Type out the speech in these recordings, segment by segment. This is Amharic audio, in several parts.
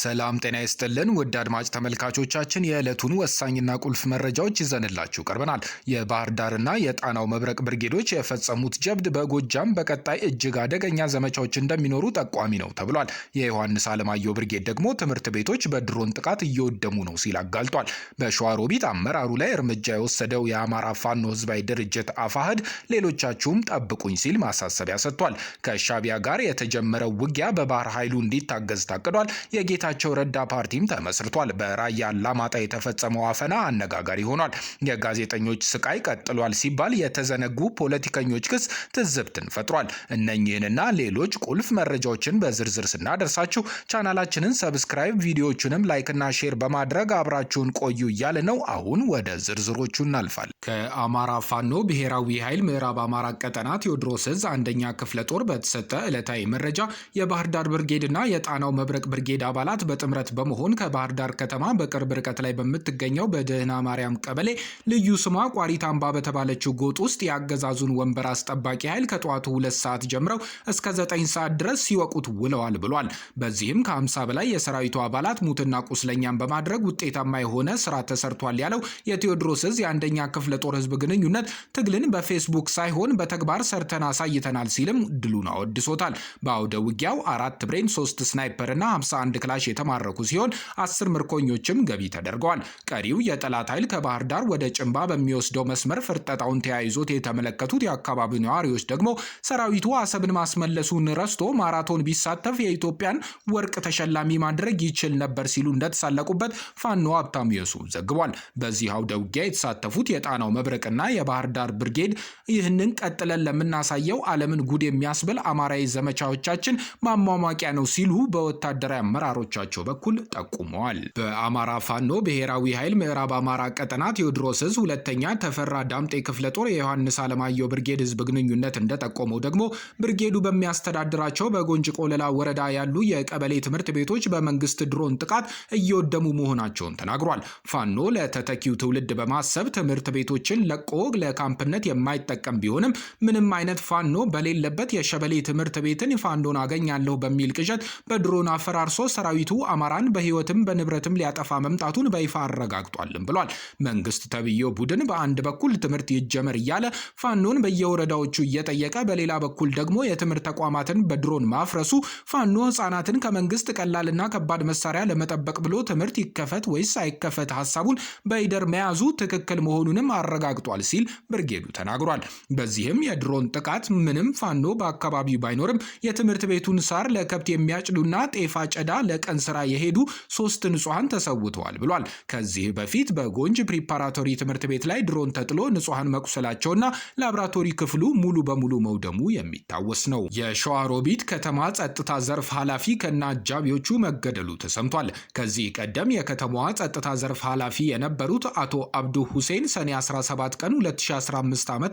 ሰላም ጤና ይስጥልን ውድ አድማጭ ተመልካቾቻችን የዕለቱን ወሳኝና ቁልፍ መረጃዎች ይዘንላችሁ ቀርበናል። የባህር ዳርና የጣናው መብረቅ ብርጌዶች የፈጸሙት ጀብድ በጎጃም በቀጣይ እጅግ አደገኛ ዘመቻዎች እንደሚኖሩ ጠቋሚ ነው ተብሏል። የዮሐንስ አለማየሁ ብርጌድ ደግሞ ትምህርት ቤቶች በድሮን ጥቃት እየወደሙ ነው ሲል አጋልጧል። በሸዋሮቢት አመራሩ ላይ እርምጃ የወሰደው የአማራ ፋኖ ህዝባዊ ድርጅት አፋህድ ሌሎቻችሁም ጠብቁኝ ሲል ማሳሰቢያ ሰጥቷል። ከሻቢያ ጋር የተጀመረው ውጊያ በባህር ኃይሉ እንዲታገዝ ታቅዷል። የጌታ የጌታቸው ረዳ ፓርቲም ተመስርቷል። በራያ አላማጣ የተፈጸመው አፈና አነጋጋሪ ሆኗል። የጋዜጠኞች ስቃይ ቀጥሏል ሲባል የተዘነጉ ፖለቲከኞች ክስ ትዝብትን ፈጥሯል። እነኚህንና ሌሎች ቁልፍ መረጃዎችን በዝርዝር ስናደርሳችሁ ቻናላችንን ሰብስክራይብ፣ ቪዲዮዎቹንም ላይክና ሼር በማድረግ አብራችሁን ቆዩ እያለ ነው። አሁን ወደ ዝርዝሮቹ እናልፋል። ከአማራ ፋኖ ብሔራዊ ኃይል ምዕራብ አማራ ቀጠና ቴዎድሮስ እዝ አንደኛ ክፍለ ጦር በተሰጠ ዕለታዊ መረጃ የባህር ዳር ብርጌድና የጣናው መብረቅ ብርጌድ አባላት አካላት በጥምረት በመሆን ከባህር ዳር ከተማ በቅርብ ርቀት ላይ በምትገኘው በደህና ማርያም ቀበሌ ልዩ ስሟ ቋሪት አምባ በተባለችው ጎጥ ውስጥ የአገዛዙን ወንበር አስጠባቂ ኃይል ከጠዋቱ ሁለት ሰዓት ጀምረው እስከ ዘጠኝ ሰዓት ድረስ ሲወቁት ውለዋል ብሏል። በዚህም ከአምሳ በላይ የሰራዊቱ አባላት ሙትና ቁስለኛን በማድረግ ውጤታማ የሆነ ስራ ተሰርቷል ያለው የቴዎድሮስ እዝ የአንደኛ ክፍለ ጦር ህዝብ ግንኙነት ትግልን በፌስቡክ ሳይሆን በተግባር ሰርተን አሳይተናል ሲልም ድሉን አወድሶታል። በአውደ ውጊያው አራት ብሬን፣ ሶስት ስናይፐር እና 51 ክላሽ የተማረኩ ሲሆን አስር ምርኮኞችም ገቢ ተደርገዋል። ቀሪው የጠላት ኃይል ከባህር ዳር ወደ ጭንባ በሚወስደው መስመር ፍርጠጣውን ተያይዞት የተመለከቱት የአካባቢው ነዋሪዎች ደግሞ ሰራዊቱ አሰብን ማስመለሱን ረስቶ ማራቶን ቢሳተፍ የኢትዮጵያን ወርቅ ተሸላሚ ማድረግ ይችል ነበር ሲሉ እንደተሳለቁበት ፋኖ ሀብታሙ የሱፍ ዘግቧል። በዚህ አውደ ውጊያ የተሳተፉት የጣናው መብረቅና የባህር ዳር ብርጌድ ይህንን ቀጥለን ለምናሳየው ዓለምን ጉድ የሚያስብል አማራዊ ዘመቻዎቻችን ማሟሟቂያ ነው ሲሉ በወታደራዊ አመራሮች በመረጃዎቻቸው በኩል ጠቁመዋል። በአማራ ፋኖ ብሔራዊ ኃይል ምዕራብ አማራ ቀጠና ቴዎድሮስ እዝ ሁለተኛ ተፈራ ዳምጤ ክፍለ ጦር የዮሐንስ አለማየሁ ብርጌድ ህዝብ ግንኙነት እንደጠቆመው ደግሞ ብርጌዱ በሚያስተዳድራቸው በጎንጭ ቆለላ ወረዳ ያሉ የቀበሌ ትምህርት ቤቶች በመንግስት ድሮን ጥቃት እየወደሙ መሆናቸውን ተናግሯል። ፋኖ ለተተኪው ትውልድ በማሰብ ትምህርት ቤቶችን ለቆ ለካምፕነት የማይጠቀም ቢሆንም ምንም አይነት ፋኖ በሌለበት የሸበሌ ትምህርት ቤትን ፋኖን አገኛለሁ በሚል ቅዠት በድሮን አፈራርሶ ሰራዊ ሰራዊቱ አማራን በህይወትም በንብረትም ሊያጠፋ መምጣቱን በይፋ አረጋግጧልም ብሏል። መንግስት ተብዬው ቡድን በአንድ በኩል ትምህርት ይጀመር እያለ ፋኖን በየወረዳዎቹ እየጠየቀ በሌላ በኩል ደግሞ የትምህርት ተቋማትን በድሮን ማፍረሱ ፋኖ ህጻናትን ከመንግስት ቀላልና ከባድ መሳሪያ ለመጠበቅ ብሎ ትምህርት ይከፈት ወይስ አይከፈት ሀሳቡን በይደር መያዙ ትክክል መሆኑንም አረጋግጧል ሲል ብርጌዱ ተናግሯል። በዚህም የድሮን ጥቃት ምንም ፋኖ በአካባቢው ባይኖርም የትምህርት ቤቱን ሳር ለከብት የሚያጭዱና ጤፍ አጨዳ ለቀ ቀን ስራ የሄዱ ሶስት ንጹሐን ተሰውተዋል ብሏል። ከዚህ በፊት በጎንጅ ፕሪፓራቶሪ ትምህርት ቤት ላይ ድሮን ተጥሎ ንጹሐን መቁሰላቸውና ላብራቶሪ ክፍሉ ሙሉ በሙሉ መውደሙ የሚታወስ ነው። የሸዋሮቢት ከተማ ጸጥታ ዘርፍ ኃላፊ ከነ አጃቢዎቹ መገደሉ ተሰምቷል። ከዚህ ቀደም የከተማዋ ጸጥታ ዘርፍ ኃላፊ የነበሩት አቶ አብዱ ሁሴን ሰኔ 17 ቀን 2015 ዓ ም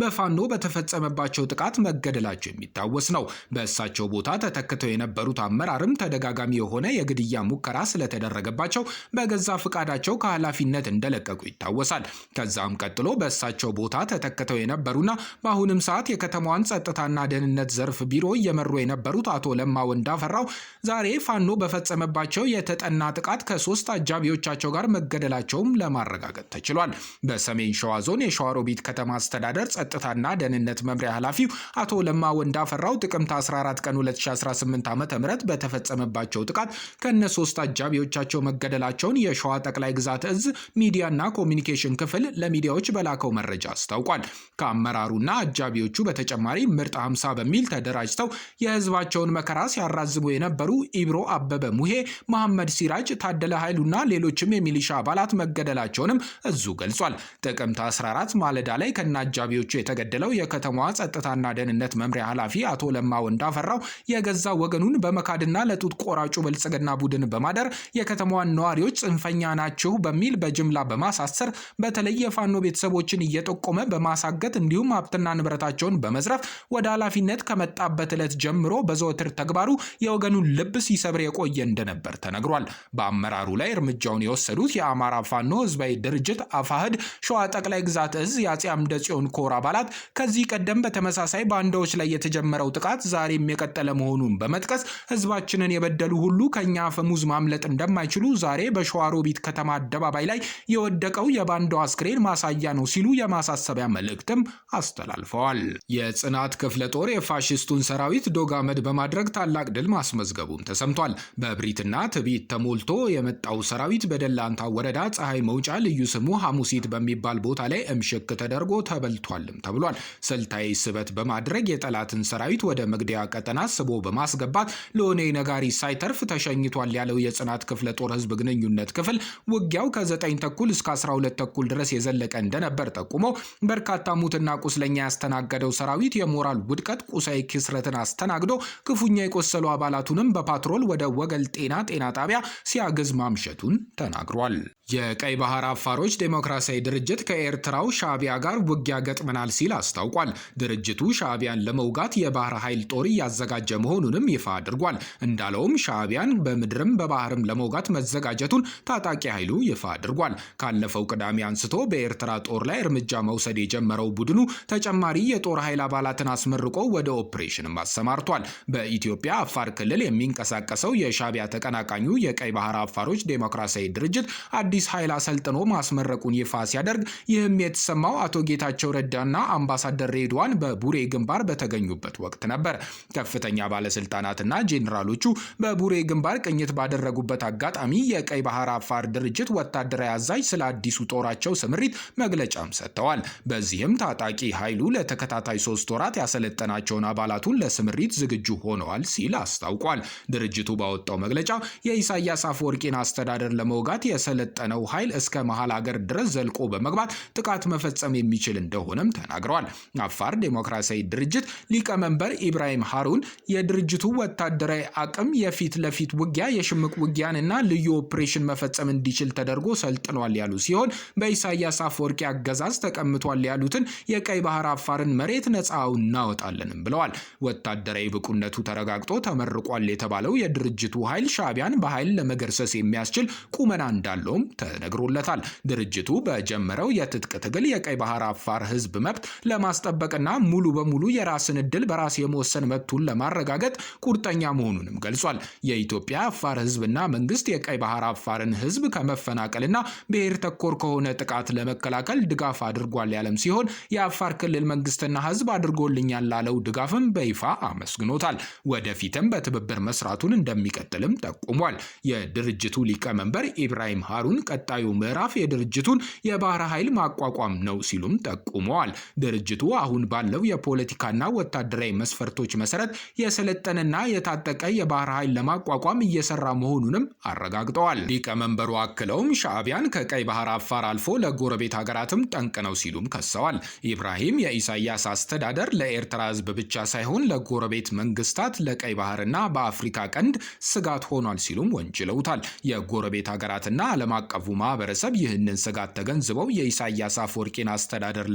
በፋኖ በተፈጸመባቸው ጥቃት መገደላቸው የሚታወስ ነው። በእሳቸው ቦታ ተተክተው የነበሩት አመራርም ተደጋጋሚ የሆነ የግድያ ሙከራ ስለተደረገባቸው በገዛ ፍቃዳቸው ከኃላፊነት እንደለቀቁ ይታወሳል። ከዛም ቀጥሎ በእሳቸው ቦታ ተተክተው የነበሩና በአሁንም ሰዓት የከተማዋን ጸጥታና ደህንነት ዘርፍ ቢሮ እየመሩ የነበሩት አቶ ለማ ወንዳፈራው ዛሬ ፋኖ በፈጸመባቸው የተጠና ጥቃት ከሶስት አጃቢዎቻቸው ጋር መገደላቸውም ለማረጋገጥ ተችሏል። በሰሜን ሸዋ ዞን የሸዋሮቢት ከተማ አስተዳደር ጸጥታና ደህንነት መምሪያ ኃላፊው አቶ ለማ ወንዳፈራው ጥቅምት 14 ቀን 2018 ዓ ም በተፈጸመባቸው በደረሰው ጥቃት ከነ ሶስት አጃቢዎቻቸው መገደላቸውን የሸዋ ጠቅላይ ግዛት እዝ ሚዲያና ኮሚኒኬሽን ክፍል ለሚዲያዎች በላከው መረጃ አስታውቋል። ከአመራሩና አጃቢዎቹ በተጨማሪ ምርጥ 50 በሚል ተደራጅተው የህዝባቸውን መከራ ሲያራዝሙ የነበሩ ኢብሮ አበበ ሙሄ፣ መሐመድ ሲራጅ፣ ታደለ ኃይሉና ሌሎችም የሚሊሻ አባላት መገደላቸውንም እዙ ገልጿል። ጥቅምት 14 ማለዳ ላይ አጃቢዎቹ የተገደለው የከተማዋ ጸጥታና ደህንነት መምሪያ ኃላፊ አቶ ለማ ወንዳፈራው የገዛ ወገኑን በመካድና ለጡት ቆራጩ በመጪው ብልጽግና ቡድን በማደር የከተማዋን ነዋሪዎች ጽንፈኛ ናችሁ በሚል በጅምላ በማሳሰር በተለይ የፋኖ ቤተሰቦችን እየጠቆመ በማሳገት እንዲሁም ሀብትና ንብረታቸውን በመዝረፍ ወደ ኃላፊነት ከመጣበት ዕለት ጀምሮ በዘወትር ተግባሩ የወገኑን ልብ ሲሰብር የቆየ እንደነበር ተነግሯል። በአመራሩ ላይ እርምጃውን የወሰዱት የአማራ ፋኖ ህዝባዊ ድርጅት አፋህድ ሸዋ ጠቅላይ ግዛት እዝ የአጼ አምደ ጽዮን ኮር አባላት ከዚህ ቀደም በተመሳሳይ ባንዳዎች ላይ የተጀመረው ጥቃት ዛሬም የቀጠለ መሆኑን በመጥቀስ ህዝባችንን የበደሉ ሁሉ ከእኛ አፈሙዝ ማምለጥ እንደማይችሉ ዛሬ በሸዋሮቢት ከተማ አደባባይ ላይ የወደቀው የባንዳው አስክሬን ማሳያ ነው ሲሉ የማሳሰቢያ መልእክትም አስተላልፈዋል። የጽናት ክፍለ ጦር የፋሽስቱን ሰራዊት ዶጋመድ በማድረግ ታላቅ ድል ማስመዝገቡም ተሰምቷል። በእብሪትና ትዕቢት ተሞልቶ የመጣው ሰራዊት በደላንታ ወረዳ ፀሐይ መውጫ ልዩ ስሙ ሐሙሲት በሚባል ቦታ ላይ እምሽክ ተደርጎ ተበልቷልም ተብሏል። ስልታዊ ስበት በማድረግ የጠላትን ሰራዊት ወደ መግደያ ቀጠና ስቦ በማስገባት ለሆነ ነጋሪ ሳይተር ዘርፍ ተሸኝቷል ያለው የጽናት ክፍለ ጦር ህዝብ ግንኙነት ክፍል ውጊያው ከ9 ተኩል እስከ 12 ተኩል ድረስ የዘለቀ እንደነበር ጠቁሞ በርካታ ሙትና ቁስለኛ ያስተናገደው ሰራዊት የሞራል ውድቀት፣ ቁሳዊ ክስረትን አስተናግዶ ክፉኛ የቆሰሉ አባላቱንም በፓትሮል ወደ ወገል ጤና ጤና ጣቢያ ሲያግዝ ማምሸቱን ተናግሯል። የቀይ ባህር አፋሮች ዴሞክራሲያዊ ድርጅት ከኤርትራው ሻቢያ ጋር ውጊያ ገጥመናል ሲል አስታውቋል። ድርጅቱ ሻቢያን ለመውጋት የባህር ኃይል ጦር እያዘጋጀ መሆኑንም ይፋ አድርጓል። እንዳለውም ሻቢያን በምድርም በባህርም ለመውጋት መዘጋጀቱን ታጣቂ ኃይሉ ይፋ አድርጓል። ካለፈው ቅዳሜ አንስቶ በኤርትራ ጦር ላይ እርምጃ መውሰድ የጀመረው ቡድኑ ተጨማሪ የጦር ኃይል አባላትን አስመርቆ ወደ ኦፕሬሽንም አሰማርቷል። በኢትዮጵያ አፋር ክልል የሚንቀሳቀሰው የሻቢያ ተቀናቃኙ የቀይ ባህር አፋሮች ዴሞክራሲያዊ ድርጅት አዲስ ኃይል አሰልጥኖ ማስመረቁን ይፋ ሲያደርግ ይህም የተሰማው አቶ ጌታቸው ረዳና አምባሳደር ሬድዋን በቡሬ ግንባር በተገኙበት ወቅት ነበር። ከፍተኛ ባለስልጣናትና ጄኔራሎቹ በቡሬ ግንባር ቅኝት ባደረጉበት አጋጣሚ የቀይ ባህር አፋር ድርጅት ወታደራዊ አዛዥ ስለ አዲሱ ጦራቸው ስምሪት መግለጫም ሰጥተዋል። በዚህም ታጣቂ ኃይሉ ለተከታታይ ሶስት ወራት ያሰለጠናቸውን አባላቱን ለስምሪት ዝግጁ ሆነዋል ሲል አስታውቋል። ድርጅቱ ባወጣው መግለጫ የኢሳያስ አፈወርቂን አስተዳደር ለመውጋት የሰለጠ የሰለጠነው ኃይል እስከ መሀል አገር ድረስ ዘልቆ በመግባት ጥቃት መፈጸም የሚችል እንደሆነም ተናግረዋል። አፋር ዴሞክራሲያዊ ድርጅት ሊቀመንበር ኢብራሂም ሃሩን የድርጅቱ ወታደራዊ አቅም የፊት ለፊት ውጊያ፣ የሽምቅ ውጊያን እና ልዩ ኦፕሬሽን መፈጸም እንዲችል ተደርጎ ሰልጥኗል ያሉ ሲሆን በኢሳያስ አፈወርቂ አገዛዝ ተቀምጧል ያሉትን የቀይ ባህር አፋርን መሬት ነፃ እናወጣለንም ብለዋል። ወታደራዊ ብቁነቱ ተረጋግጦ ተመርቋል የተባለው የድርጅቱ ኃይል ሻቢያን በኃይል ለመገርሰስ የሚያስችል ቁመና እንዳለውም ተነግሮለታል። ድርጅቱ በጀመረው የትጥቅ ትግል የቀይ ባህር አፋር ህዝብ መብት ለማስጠበቅና ሙሉ በሙሉ የራስን እድል በራስ የመወሰን መብቱን ለማረጋገጥ ቁርጠኛ መሆኑንም ገልጿል። የኢትዮጵያ አፋር ህዝብና መንግስት የቀይ ባህር አፋርን ህዝብ ከመፈናቀልና ብሔር ተኮር ከሆነ ጥቃት ለመከላከል ድጋፍ አድርጓል ያለም ሲሆን የአፋር ክልል መንግስትና ህዝብ አድርጎልኛል ላለው ድጋፍም በይፋ አመስግኖታል። ወደፊትም በትብብር መስራቱን እንደሚቀጥልም ጠቁሟል። የድርጅቱ ሊቀመንበር ኢብራሂም ሃሩን ቀጣዩ ምዕራፍ የድርጅቱን የባህር ኃይል ማቋቋም ነው ሲሉም ጠቁመዋል። ድርጅቱ አሁን ባለው የፖለቲካና ወታደራዊ መስፈርቶች መሰረት የሰለጠነና የታጠቀ የባህር ኃይል ለማቋቋም እየሰራ መሆኑንም አረጋግጠዋል። ሊቀመንበሩ አክለውም ሻዕቢያን ከቀይ ባህር አፋር አልፎ ለጎረቤት ሀገራትም ጠንቅ ነው ሲሉም ከሰዋል። ኢብራሂም የኢሳያስ አስተዳደር ለኤርትራ ህዝብ ብቻ ሳይሆን ለጎረቤት መንግስታት፣ ለቀይ ባህርና በአፍሪካ ቀንድ ስጋት ሆኗል ሲሉም ወንጅለውታል። የጎረቤት ሀገራትና ዓለም አቀፍ አቀፉ ማህበረሰብ ይህንን ስጋት ተገንዝበው የኢሳያስ አፈወርቂን አስተዳደር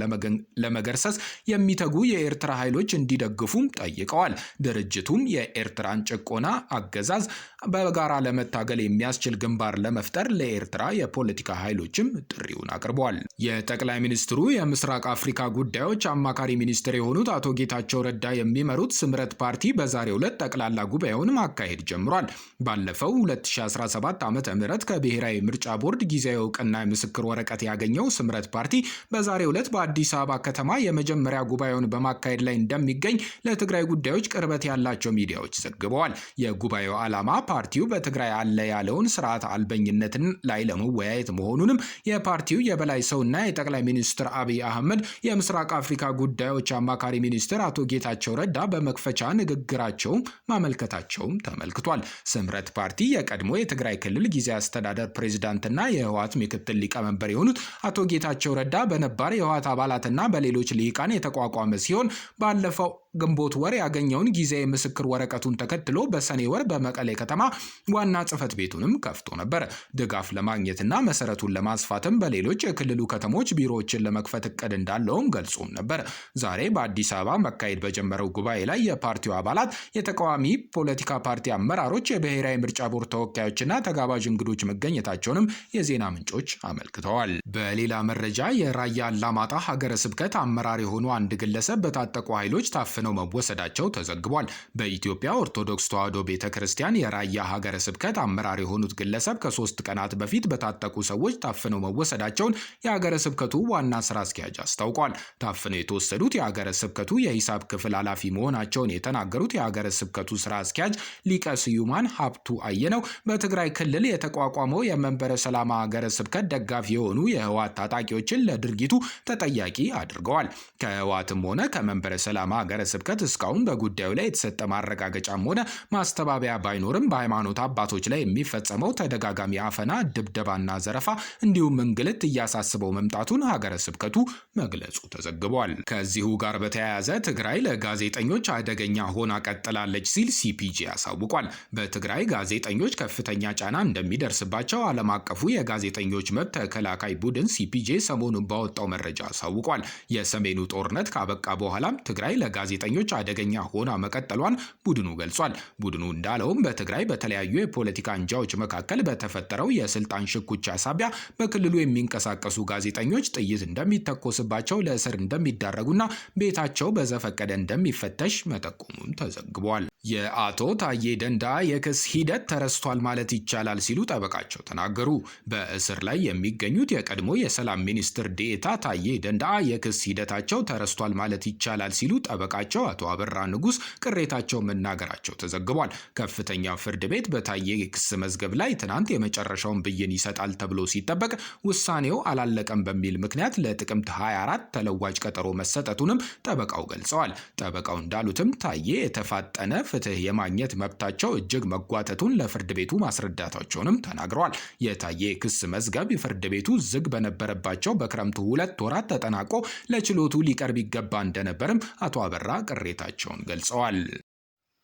ለመገርሰስ የሚተጉ የኤርትራ ኃይሎች እንዲደግፉም ጠይቀዋል። ድርጅቱም የኤርትራን ጭቆና አገዛዝ በጋራ ለመታገል የሚያስችል ግንባር ለመፍጠር ለኤርትራ የፖለቲካ ኃይሎችም ጥሪውን አቅርበዋል። የጠቅላይ ሚኒስትሩ የምስራቅ አፍሪካ ጉዳዮች አማካሪ ሚኒስትር የሆኑት አቶ ጌታቸው ረዳ የሚመሩት ስምረት ፓርቲ በዛሬው ዕለት ጠቅላላ ጉባኤውን ማካሄድ ጀምሯል። ባለፈው 2017 ዓ ም ከብሔራዊ ምርጫ ቦርድ ጊዜያዊ እውቅና የምስክር ወረቀት ያገኘው ስምረት ፓርቲ በዛሬው ዕለት በአዲስ አበባ ከተማ የመጀመሪያ ጉባኤውን በማካሄድ ላይ እንደሚገኝ ለትግራይ ጉዳዮች ቅርበት ያላቸው ሚዲያዎች ዘግበዋል። የጉባኤው ዓላማ ፓርቲው በትግራይ አለ ያለውን ስርዓት አልበኝነትን ላይ ለመወያየት መሆኑንም የፓርቲው የበላይ ሰውና የጠቅላይ ሚኒስትር አብይ አህመድ የምስራቅ አፍሪካ ጉዳዮች አማካሪ ሚኒስትር አቶ ጌታቸው ረዳ በመክፈቻ ንግግራቸው ማመልከታቸውም ተመልክቷል። ስምረት ፓርቲ የቀድሞ የትግራይ ክልል ጊዜ አስተዳደር ፕሬዚዳንትና የህወሓት ምክትል ሊቀመንበር የሆኑት አቶ ጌታቸው ረዳ በነባር የህወሓት አባላትና በሌሎች ልሂቃን የተቋቋመ ሲሆን ባለፈው ግንቦት ወር ያገኘውን ጊዜ ምስክር ወረቀቱን ተከትሎ በሰኔ ወር በመቀሌ ከተማ ዋና ጽህፈት ቤቱንም ከፍቶ ነበር። ድጋፍ ለማግኘትና መሰረቱን ለማስፋትም በሌሎች የክልሉ ከተሞች ቢሮዎችን ለመክፈት እቅድ እንዳለውም ገልጾም ነበር። ዛሬ በአዲስ አበባ መካሄድ በጀመረው ጉባኤ ላይ የፓርቲው አባላት፣ የተቃዋሚ ፖለቲካ ፓርቲ አመራሮች፣ የብሔራዊ ምርጫ ቦርድ ተወካዮችና ተጋባዥ እንግዶች መገኘታቸውንም የዜና ምንጮች አመልክተዋል። በሌላ መረጃ የራያ አላማጣ ሀገረ ስብከት አመራር የሆኑ አንድ ግለሰብ በታጠቁ ኃይሎች ታፈ ታፍነው መወሰዳቸው ተዘግቧል። በኢትዮጵያ ኦርቶዶክስ ተዋሕዶ ቤተ ክርስቲያን የራያ ሀገረ ስብከት አመራር የሆኑት ግለሰብ ከሶስት ቀናት በፊት በታጠቁ ሰዎች ታፍነው መወሰዳቸውን የሀገረ ስብከቱ ዋና ስራ አስኪያጅ አስታውቋል። ታፍነው የተወሰዱት የሀገረ ስብከቱ የሂሳብ ክፍል ኃላፊ መሆናቸውን የተናገሩት የሀገረ ስብከቱ ስራ አስኪያጅ ሊቀ ስዩማን ሀብቱ አየነው በትግራይ ክልል የተቋቋመው የመንበረ ሰላማ ሀገረ ስብከት ደጋፊ የሆኑ የህወሓት ታጣቂዎችን ለድርጊቱ ተጠያቂ አድርገዋል። ከህወሓትም ሆነ ከመንበረ ሰላማ ሀገረ ስብከት እስካሁን በጉዳዩ ላይ የተሰጠ ማረጋገጫም ሆነ ማስተባበያ ባይኖርም በሃይማኖት አባቶች ላይ የሚፈጸመው ተደጋጋሚ አፈና፣ ድብደባና ዘረፋ እንዲሁም እንግልት እያሳስበው መምጣቱን ሀገረ ስብከቱ መግለጹ ተዘግቧል። ከዚሁ ጋር በተያያዘ ትግራይ ለጋዜጠኞች አደገኛ ሆና ቀጥላለች ሲል ሲፒጂ አሳውቋል። በትግራይ ጋዜጠኞች ከፍተኛ ጫና እንደሚደርስባቸው ዓለም አቀፉ የጋዜጠኞች መብት ተከላካይ ቡድን ሲፒጄ ሰሞኑን ባወጣው መረጃ አሳውቋል። የሰሜኑ ጦርነት ካበቃ በኋላም ትግራይ ለጋዜ ጋዜጠኞች አደገኛ ሆና መቀጠሏን ቡድኑ ገልጿል። ቡድኑ እንዳለውም በትግራይ በተለያዩ የፖለቲካ አንጃዎች መካከል በተፈጠረው የስልጣን ሽኩቻ ሳቢያ በክልሉ የሚንቀሳቀሱ ጋዜጠኞች ጥይት እንደሚተኮስባቸው፣ ለእስር እንደሚዳረጉና ቤታቸው በዘፈቀደ እንደሚፈተሽ መጠቆሙም ተዘግቧል። የአቶ ታዬ ደንዳ የክስ ሂደት ተረስቷል ማለት ይቻላል ሲሉ ጠበቃቸው ተናገሩ። በእስር ላይ የሚገኙት የቀድሞ የሰላም ሚኒስትር ዴኤታ ታዬ ደንዳ የክስ ሂደታቸው ተረስቷል ማለት ይቻላል ሲሉ ጠበቃቸው አቶ አበራ ንጉስ ቅሬታቸው መናገራቸው ተዘግቧል። ከፍተኛ ፍርድ ቤት በታዬ የክስ መዝገብ ላይ ትናንት የመጨረሻውን ብይን ይሰጣል ተብሎ ሲጠበቅ ውሳኔው አላለቀም በሚል ምክንያት ለጥቅምት 24 ተለዋጭ ቀጠሮ መሰጠቱንም ጠበቃው ገልጸዋል። ጠበቃው እንዳሉትም ታዬ የተፋጠነ ፍትህ የማግኘት መብታቸው እጅግ መጓተቱን ለፍርድ ቤቱ ማስረዳታቸውንም ተናግረዋል። የታየ ክስ መዝገብ ፍርድ ቤቱ ዝግ በነበረባቸው በክረምቱ ሁለት ወራት ተጠናቆ ለችሎቱ ሊቀርብ ይገባ እንደነበርም አቶ አበራ ቅሬታቸውን ገልጸዋል።